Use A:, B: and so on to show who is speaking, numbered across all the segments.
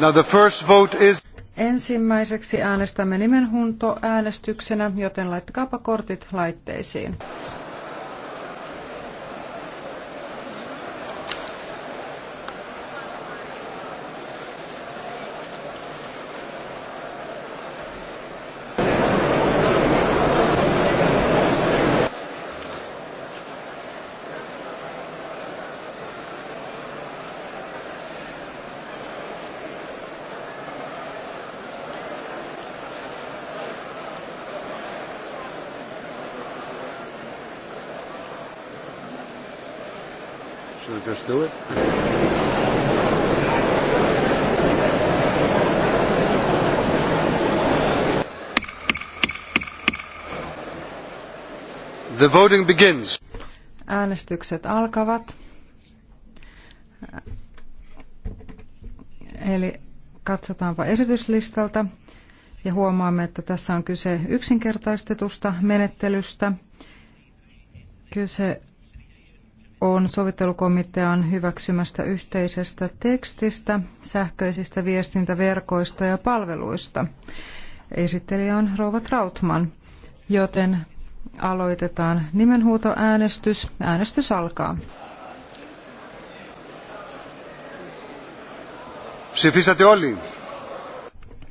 A: Now the first vote is...
B: Ensimmäiseksi äänestämme nimenhuntoäänestyksenä, joten laittakaapa kortit laitteisiin.
A: we'll just do it. The voting begins.
B: Äänestykset alkavat. Eli katsotaanpa esityslistalta ja huomaamme, että tässä on kyse yksinkertaistetusta menettelystä. Kyse on sovittelukomitean hyväksymästä yhteisestä tekstistä, sähköisistä viestintäverkoista ja palveluista. Esittelijä on Rouva Trautman, joten aloitetaan nimenhuutoäänestys. Äänestys alkaa.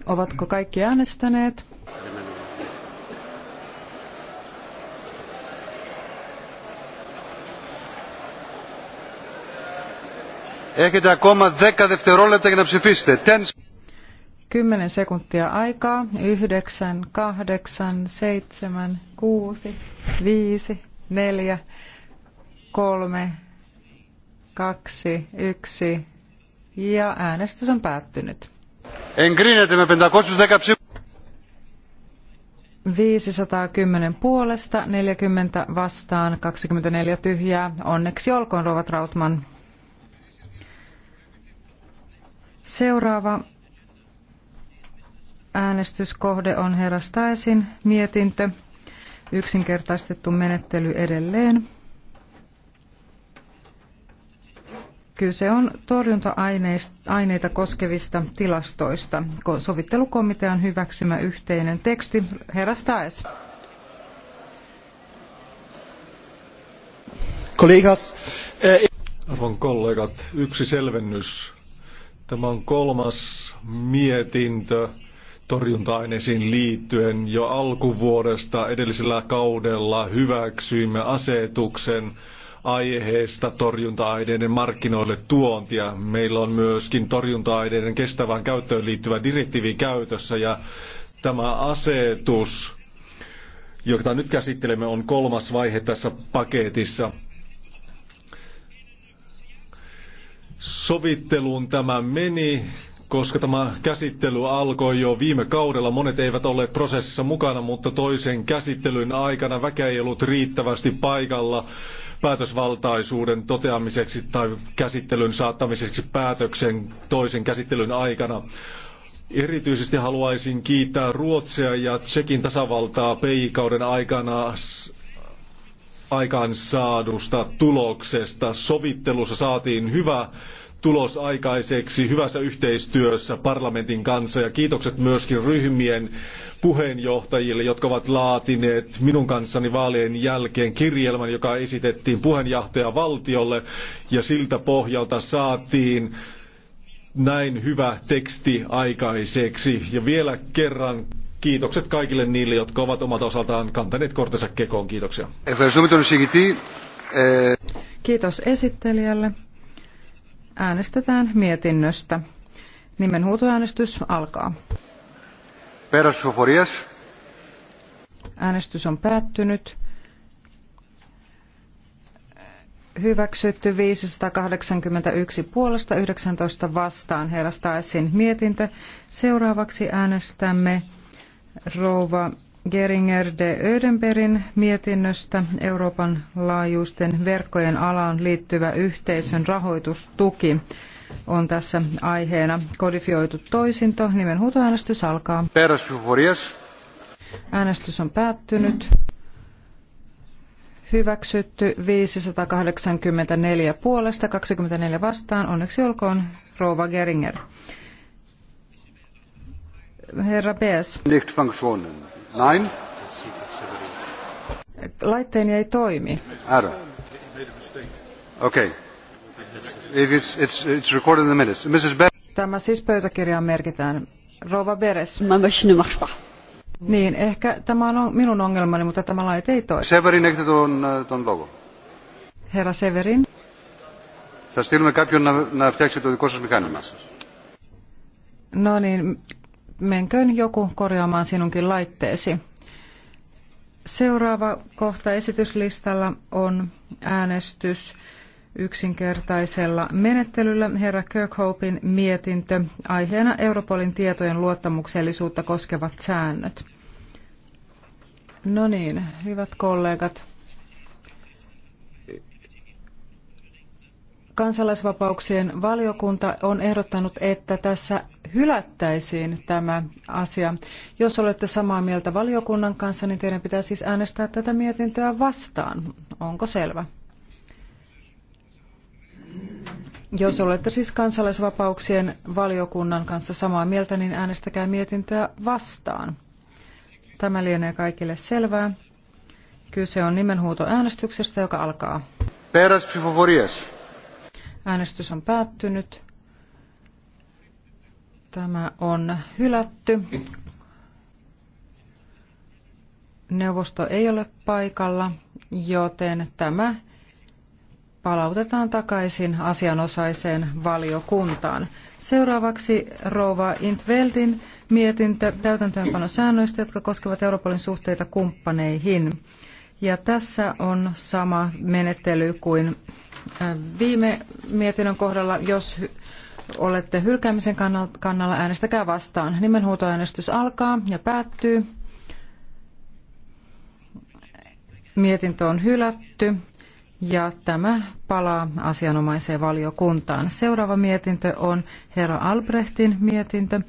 B: Ovatko kaikki äänestäneet?
A: Έχετε ακόμα 10 δευτερόλεπτα για να ψηφίσετε. 10
B: sekuntia aikaa. 9, 8, 7, 6, 5, 4, 3, 2, 1. Ja äänestys on päättynyt.
A: Εγκρίνεται με 510 ψήφους.
B: 510 puolesta, 40 vastaan, 24 tyhjää. Onneksi olkoon, Rovat Rautman. Seuraava äänestyskohde on herra Staesin mietintö. Yksinkertaistettu menettely edelleen. Kyse on torjunta-aineita koskevista tilastoista. Sovittelukomitean hyväksymä yhteinen teksti. Herra Staes.
C: Kollegas. Eh, Arvon kollegat, yksi selvennys Tämä on kolmas mietintö torjunta-aineisiin liittyen. Jo alkuvuodesta edellisellä kaudella hyväksyimme asetuksen aiheesta torjunta-aineiden markkinoille tuontia. Meillä on myöskin torjunta-aineiden kestävään käyttöön liittyvä direktiivi käytössä ja tämä asetus, jota nyt käsittelemme, on kolmas vaihe tässä paketissa – sovitteluun tämä meni, koska tämä käsittely alkoi jo viime kaudella. Monet eivät olleet prosessissa mukana, mutta toisen käsittelyn aikana väkeä ei ollut riittävästi paikalla päätösvaltaisuuden toteamiseksi tai käsittelyn saattamiseksi päätöksen toisen käsittelyn aikana. Erityisesti haluaisin kiittää Ruotsia ja Tsekin tasavaltaa peikauden aikana aikaansaadusta tuloksesta. Sovittelussa saatiin hyvä tulos aikaiseksi hyvässä yhteistyössä parlamentin kanssa ja kiitokset myöskin ryhmien puheenjohtajille, jotka ovat laatineet minun kanssani vaalien jälkeen kirjelmän, joka esitettiin puheenjohtaja valtiolle ja siltä pohjalta saatiin näin hyvä teksti aikaiseksi. Ja vielä kerran Kiitokset kaikille niille, jotka ovat omalta osaltaan kantaneet kortensa kekoon. Kiitoksia.
B: Kiitos esittelijälle. Äänestetään mietinnöstä. Nimen huutoäänestys alkaa. Äänestys on päättynyt. Hyväksytty 581 puolesta 19 vastaan. Herra Staesin mietintö. Seuraavaksi äänestämme rouva Geringer de Ödenbergin mietinnöstä Euroopan laajuisten verkkojen alaan liittyvä yhteisön rahoitustuki on tässä aiheena kodifioitu toisinto. Nimenhuutoäänestys alkaa. Äänestys on päättynyt. Hyväksytty 584 puolesta, 24 vastaan. Onneksi olkoon rouva Geringer.
A: Herra Bees. Nicht funktionen. Nein. Laitteeni ei toimi. Ära. Okay. If it's, it's, it's recorded in the minutes. Mrs. Beres.
B: Tämä siis pöytäkirjaan merkitään. Rova Beres. Mä Niin, ehkä tämä on minun ongelmani, mutta tämä laite ei toimi.
A: Severin ehti tuon, äh, tuon logo.
B: Herra Severin.
A: Θα στείλουμε κάποιον να, να φτιάξει το δικό σας μηχάνημα.
B: No niin, menköön joku korjaamaan sinunkin laitteesi. Seuraava kohta esityslistalla on äänestys yksinkertaisella menettelyllä herra Kirkhopin mietintö aiheena Europolin tietojen luottamuksellisuutta koskevat säännöt. No niin, hyvät kollegat. Kansalaisvapauksien valiokunta on ehdottanut, että tässä hylättäisiin tämä asia. Jos olette samaa mieltä valiokunnan kanssa, niin teidän pitää siis äänestää tätä mietintöä vastaan. Onko selvä? Jos olette siis kansalaisvapauksien valiokunnan kanssa samaa mieltä, niin äänestäkää mietintöä vastaan. Tämä lienee kaikille selvää. Kyse on nimenhuutoäänestyksestä, joka alkaa. Äänestys on päättynyt. Tämä on hylätty. Neuvosto ei ole paikalla, joten tämä palautetaan takaisin asianosaiseen valiokuntaan. Seuraavaksi Rova Intveldin mietintö täytäntöönpanosäännöistä, jotka koskevat Euroopan suhteita kumppaneihin. Ja tässä on sama menettely kuin äh, viime mietinnön kohdalla, jos olette hylkäämisen kannalla, äänestäkää vastaan. Nimenhuutoäänestys alkaa ja päättyy. Mietintö on hylätty ja tämä palaa asianomaiseen valiokuntaan. Seuraava mietintö on herra Albrehtin mietintö.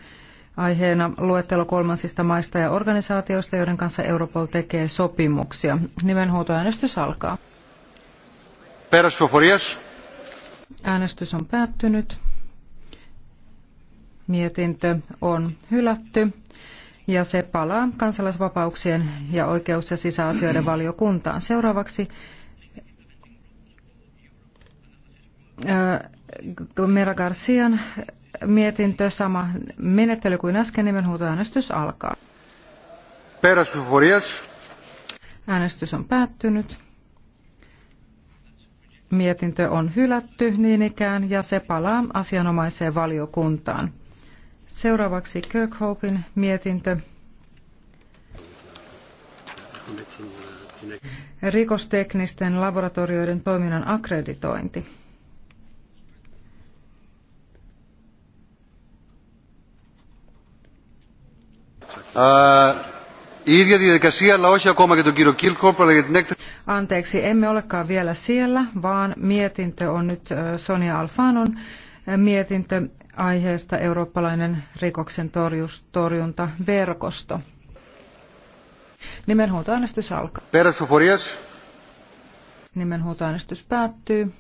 B: Aiheena luettelo kolmansista maista ja organisaatioista, joiden kanssa Europol tekee sopimuksia. Nimenhuutoäänestys alkaa. Äänestys on päättynyt mietintö on hylätty ja se palaa kansalaisvapauksien ja oikeus- ja sisäasioiden valiokuntaan. Seuraavaksi äh, Mera Garcian mietintö, sama menettely kuin äsken, nimenhuutoäänestys alkaa. Äänestys on päättynyt. Mietintö on hylätty niin ikään ja se palaa asianomaiseen valiokuntaan. Seuraavaksi Kirkhopin mietintö. Rikosteknisten laboratorioiden toiminnan akkreditointi. Anteeksi, emme olekaan vielä siellä, vaan mietintö on nyt Sonia Alfanon mietintö aiheesta eurooppalainen rikoksen verkosto. Nimenhuutoäänestys alkaa.
A: Peräsoforias.
B: Nimenhuutoäänestys päättyy.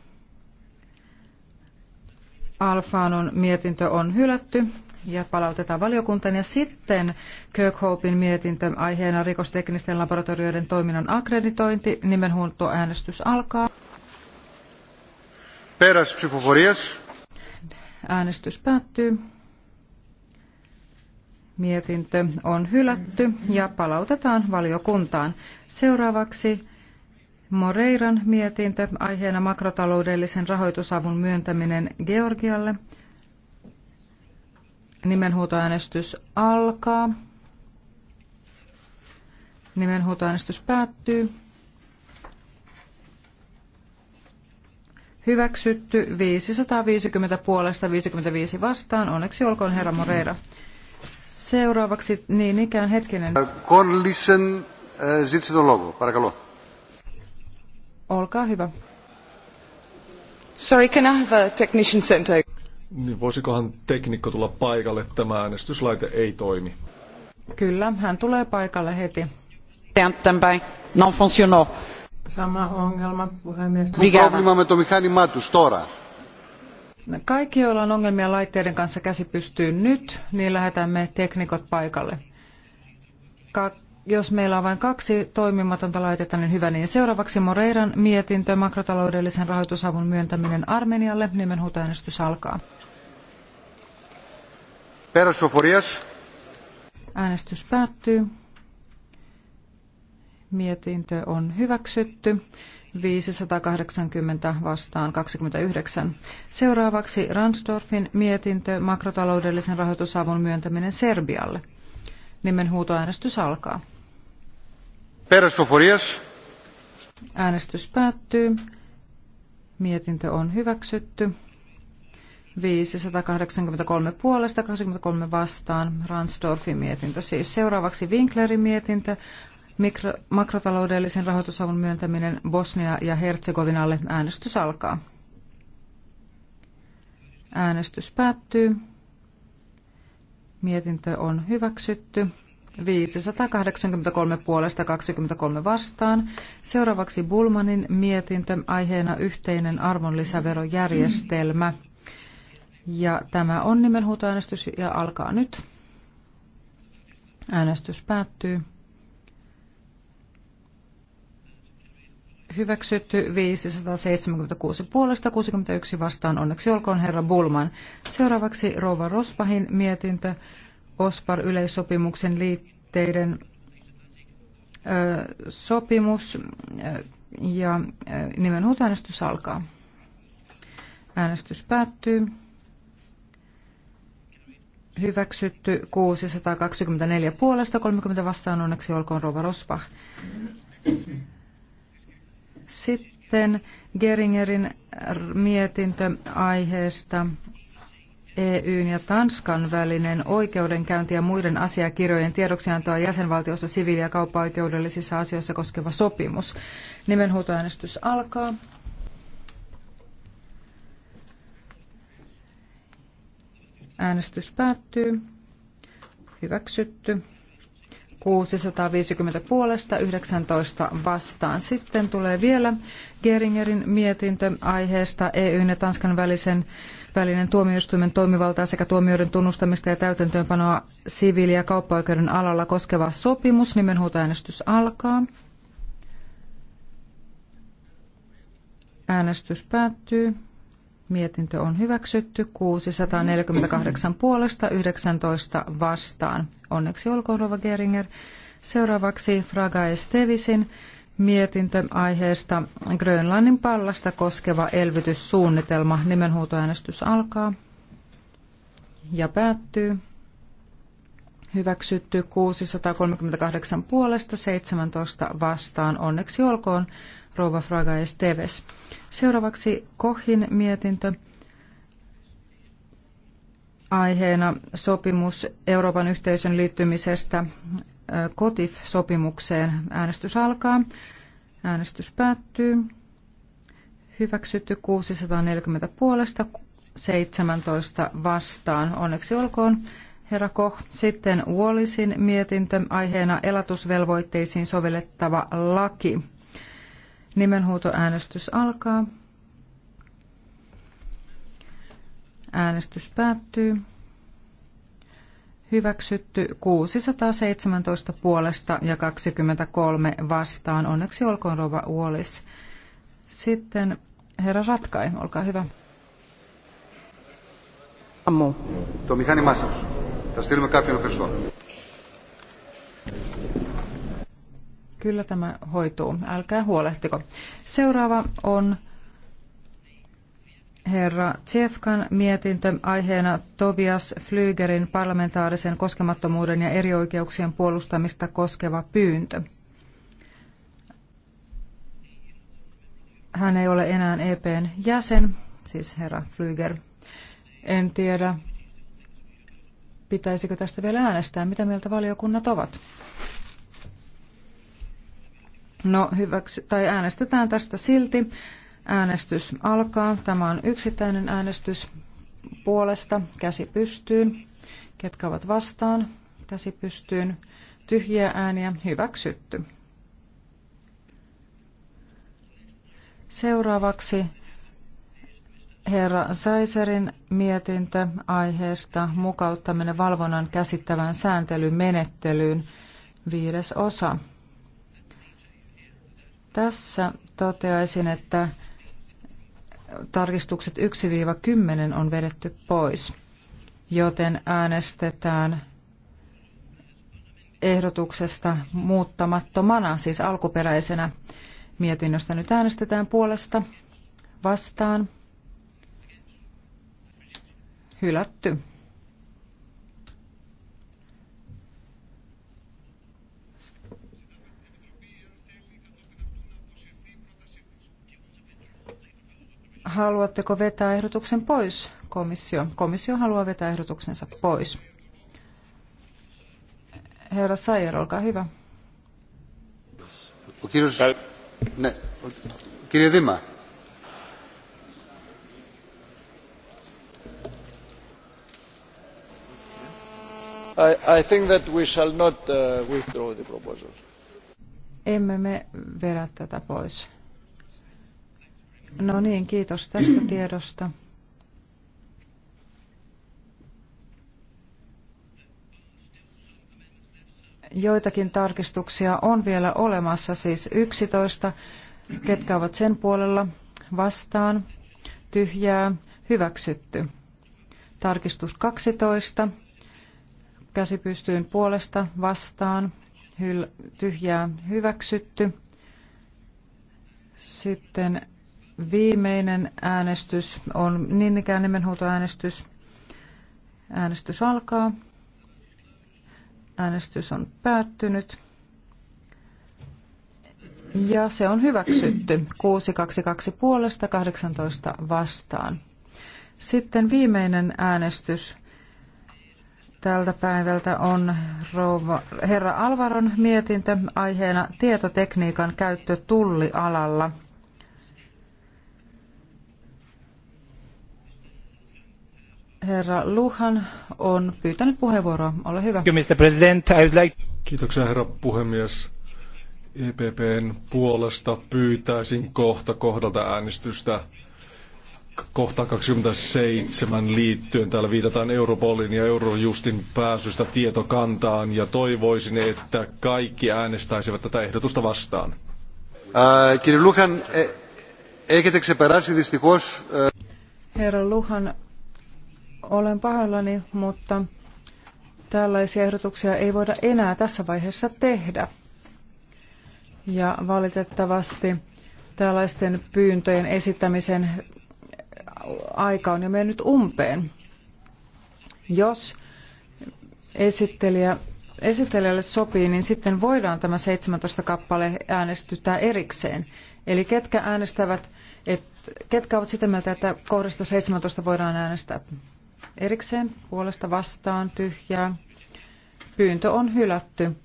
B: Alfaanon mietintö on hylätty ja palautetaan valiokuntaan. Ja sitten Kirkhopin mietintö aiheena rikosteknisten laboratorioiden toiminnan akkreditointi. Nimenhuutoäänestys alkaa.
A: Peräs psyfoforias.
B: Äänestys päättyy. Mietintö on hylätty ja palautetaan valiokuntaan. Seuraavaksi Moreiran mietintö aiheena makrotaloudellisen rahoitusavun myöntäminen Georgialle. Nimenhuutoäänestys alkaa. Nimenhuutoäänestys päättyy. Hyväksytty 550 puolesta 55 vastaan. Onneksi olkoon herra Moreira. Seuraavaksi niin ikään hetkinen. Äh,
A: Corlisen zitsi äh, ton logo. Parakalo.
B: Olkaa hyvä. Sorry, can I have a technician sent over?
C: Niin voisikohan teknikko tulla paikalle? Tämä äänestyslaite ei toimi.
B: Kyllä, hän tulee paikalle heti. Tämän non funzionò. Sama ongelma, puhemies. Mikä ongelma
A: me to mechanimá tus tora?
B: No, kaikki, joilla on ongelmia laitteiden kanssa käsi pystyy nyt, niin lähetämme teknikot paikalle. Ka jos meillä on vain kaksi toimimatonta laitetta, niin hyvä niin. Seuraavaksi Moreiran mietintö makrotaloudellisen rahoitusavun myöntäminen Armenialle. Nimen Nimenhuutoäänestys alkaa. Äänestys päättyy. Mietintö on hyväksytty. 580 vastaan 29. Seuraavaksi Ransdorfin mietintö makrotaloudellisen rahoitusavun myöntäminen Serbialle. Nimen huutoäänestys alkaa.
A: Peräsoforias.
B: Äänestys päättyy. Mietintö on hyväksytty. 583 puolesta, 23 vastaan, Ransdorfin mietintö. Siis seuraavaksi Winklerin mietintö, Mikro, makrotaloudellisen rahoitusavun myöntäminen Bosnia ja Herzegovinalle. Äänestys alkaa. Äänestys päättyy. Mietintö on hyväksytty. 583 puolesta 23 vastaan. Seuraavaksi Bulmanin mietintö aiheena yhteinen arvonlisäverojärjestelmä. Ja tämä on nimenhuutoäänestys ja alkaa nyt. Äänestys päättyy. hyväksytty 576 puolesta 61 vastaan. Onneksi olkoon herra Bulman. Seuraavaksi Rova Rospahin mietintö OSPAR-yleissopimuksen liitteiden ö, sopimus ö, ja äänestys alkaa. Äänestys päättyy. Hyväksytty 624 puolesta, 30 vastaan onneksi olkoon Rova Rospa. Sitten Geringerin mietintö aiheesta EUn ja Tanskan välinen oikeudenkäynti ja muiden asiakirjojen tiedoksiantoa jäsenvaltiossa siviili- ja kauppaoikeudellisissa asioissa koskeva sopimus. Nimenhuutoäänestys alkaa. Äänestys päättyy. Hyväksytty. 650 puolesta, 19 vastaan. Sitten tulee vielä Geringerin mietintö aiheesta EUn ja Tanskan välisen välinen tuomioistuimen toimivaltaa sekä tuomioiden tunnustamista ja täytäntöönpanoa siviili- ja kauppaoikeuden alalla koskeva sopimus. Nimenhuutoäänestys alkaa. Äänestys päättyy. Mietintö on hyväksytty 648 puolesta 19 vastaan. Onneksi olkoon Rova Geringer. Seuraavaksi Fraga Estevisin mietintö aiheesta Grönlannin pallasta koskeva elvytyssuunnitelma. Nimenhuutoäänestys alkaa ja päättyy. Hyväksytty 638 puolesta 17 vastaan. Onneksi olkoon rouva Fraga Esteves. Seuraavaksi Kohin mietintö. Aiheena sopimus Euroopan yhteisön liittymisestä COTIF-sopimukseen. Äänestys alkaa. Äänestys päättyy. Hyväksytty 640 puolesta, 17 vastaan. Onneksi olkoon. Herra Koch, sitten Wallisin mietintö aiheena elatusvelvoitteisiin sovellettava laki. Nimenhuutoäänestys alkaa. Äänestys päättyy. Hyväksytty 617 puolesta ja 23 vastaan. Onneksi olkoon Rova Uolis. Sitten herra Ratkai, olkaa hyvä. Ammu.
A: Tuo μηχάνημά σας. Tästä στείλουμε κάποιον
B: Kyllä tämä hoituu, älkää huolehtiko. Seuraava on herra Tsefkan mietintö aiheena Tobias Flygerin parlamentaarisen koskemattomuuden ja erioikeuksien puolustamista koskeva pyyntö. Hän ei ole enää EPn jäsen, siis herra Flyger. En tiedä, pitäisikö tästä vielä äänestää, mitä mieltä valiokunnat ovat. No hyväksi, tai äänestetään tästä silti. Äänestys alkaa. Tämä on yksittäinen äänestys puolesta. Käsi pystyyn. Ketkä ovat vastaan? Käsi pystyyn. Tyhjiä ääniä. Hyväksytty. Seuraavaksi herra Saiserin mietintö aiheesta mukauttaminen valvonnan käsittävään sääntelymenettelyyn viides osa. Tässä toteaisin, että tarkistukset 1-10 on vedetty pois, joten äänestetään ehdotuksesta muuttamattomana, siis alkuperäisenä mietinnöstä. Nyt äänestetään puolesta vastaan. Hylätty. Haluatteko vetää ehdotuksen pois, komissio? Komissio haluaa vetää ehdotuksensa pois. Herra Sayer, olkaa hyvä.
A: Kiitos. kirja Dima.
C: I, I think that we shall not uh, withdraw the proposal.
B: Emme me vedä tätä pois. No niin, kiitos tästä tiedosta. Joitakin tarkistuksia on vielä olemassa, siis 11, ketkä ovat sen puolella vastaan, tyhjää, hyväksytty. Tarkistus 12, käsi pystyyn puolesta vastaan, tyhjää, hyväksytty. Sitten viimeinen äänestys on niin ikään nimenhuutoäänestys. Äänestys alkaa. Äänestys on päättynyt. Ja se on hyväksytty. 622 puolesta 18 vastaan. Sitten viimeinen äänestys tältä päivältä on rouva, herra Alvaron mietintö aiheena tietotekniikan käyttö tullialalla. Herra Luhan on pyytänyt puheenvuoroa. Ole hyvä. Mr. President,
C: I would Kiitoksia herra puhemies. EPPn puolesta pyytäisin kohta kohdalta äänestystä kohta 27 liittyen. Täällä viitataan Europolin ja Eurojustin pääsystä tietokantaan ja toivoisin, että kaikki äänestäisivät tätä ehdotusta vastaan. Luhan. E-
B: herra Luhan, olen pahoillani, mutta tällaisia ehdotuksia ei voida enää tässä vaiheessa tehdä. Ja valitettavasti tällaisten pyyntöjen esittämisen aika on jo mennyt umpeen. Jos esittelijä, esittelijälle sopii, niin sitten voidaan tämä 17 kappale äänestyttää erikseen. Eli ketkä äänestävät, et, ketkä ovat sitä mieltä, että kohdasta 17 voidaan äänestää erikseen puolesta vastaan tyhjää. Pyyntö on hylätty.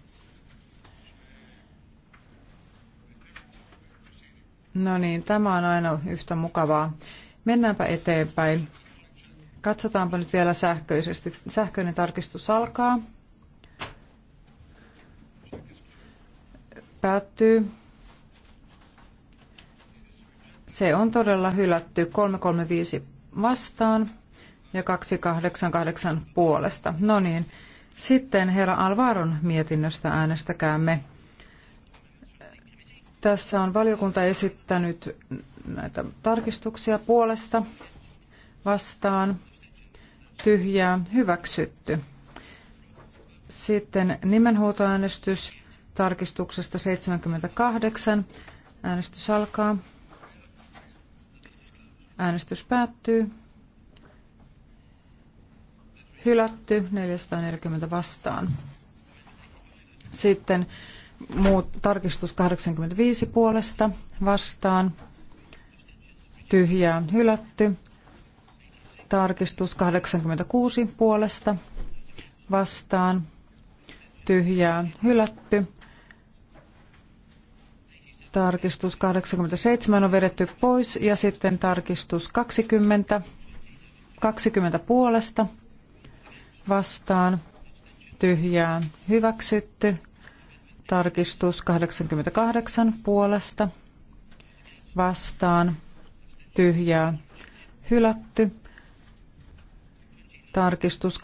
B: No niin, tämä on aina yhtä mukavaa. Mennäänpä eteenpäin. Katsotaanpa nyt vielä sähköisesti. Sähköinen tarkistus alkaa. Päättyy. Se on todella hylätty 335 vastaan ja 288 puolesta. No niin, sitten herra Alvaron mietinnöstä äänestäkäämme. Tässä on valiokunta esittänyt näitä tarkistuksia puolesta vastaan. Tyhjää hyväksytty. Sitten nimenhuutoäänestys tarkistuksesta 78. Äänestys alkaa. Äänestys päättyy hylätty 440 vastaan. Sitten muut, tarkistus 85 puolesta vastaan, tyhjää hylätty. Tarkistus 86 puolesta vastaan, tyhjää hylätty. Tarkistus 87 on vedetty pois ja sitten tarkistus 20, 20 puolesta vastaan tyhjää hyväksytty. Tarkistus 88 puolesta vastaan tyhjää hylätty. Tarkistus 29-33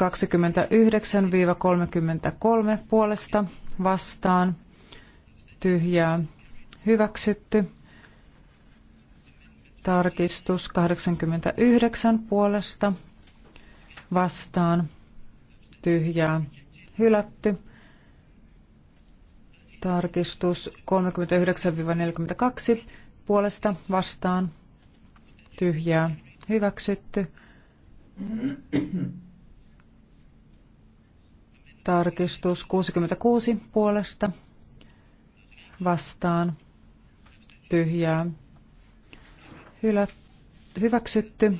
B: puolesta vastaan tyhjää hyväksytty. Tarkistus 89 puolesta vastaan tyhjää hylätty. Tarkistus 39-42 puolesta vastaan tyhjää hyväksytty. Tarkistus 66 puolesta vastaan tyhjää hyvä hyväksytty.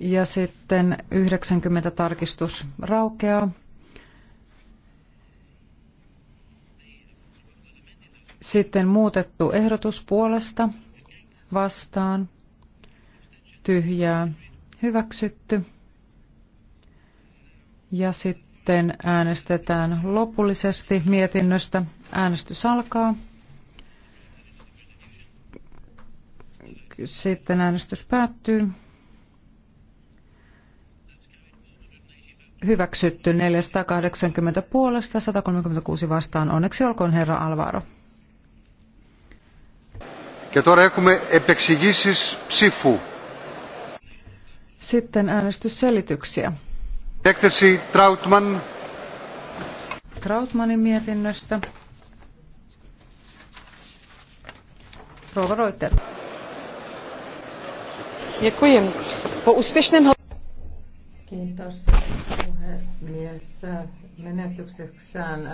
B: Ja sitten 90 tarkistus raukeaa. Sitten muutettu ehdotus puolesta vastaan. Tyhjää hyväksytty. Ja sitten äänestetään lopullisesti mietinnöstä. Äänestys alkaa. Sitten äänestys päättyy. hyväksytty 480 puolesta, 136 vastaan. Onneksi olkoon herra Alvaro.
A: Ja τώρα έχουμε επεξηγήσεις ψήφου.
B: Sitten äänestysselityksiä. Έκθεση Trautman. Trautmanin mietinnöstä. Rova Reuter. Kiitos mies menestyksekseen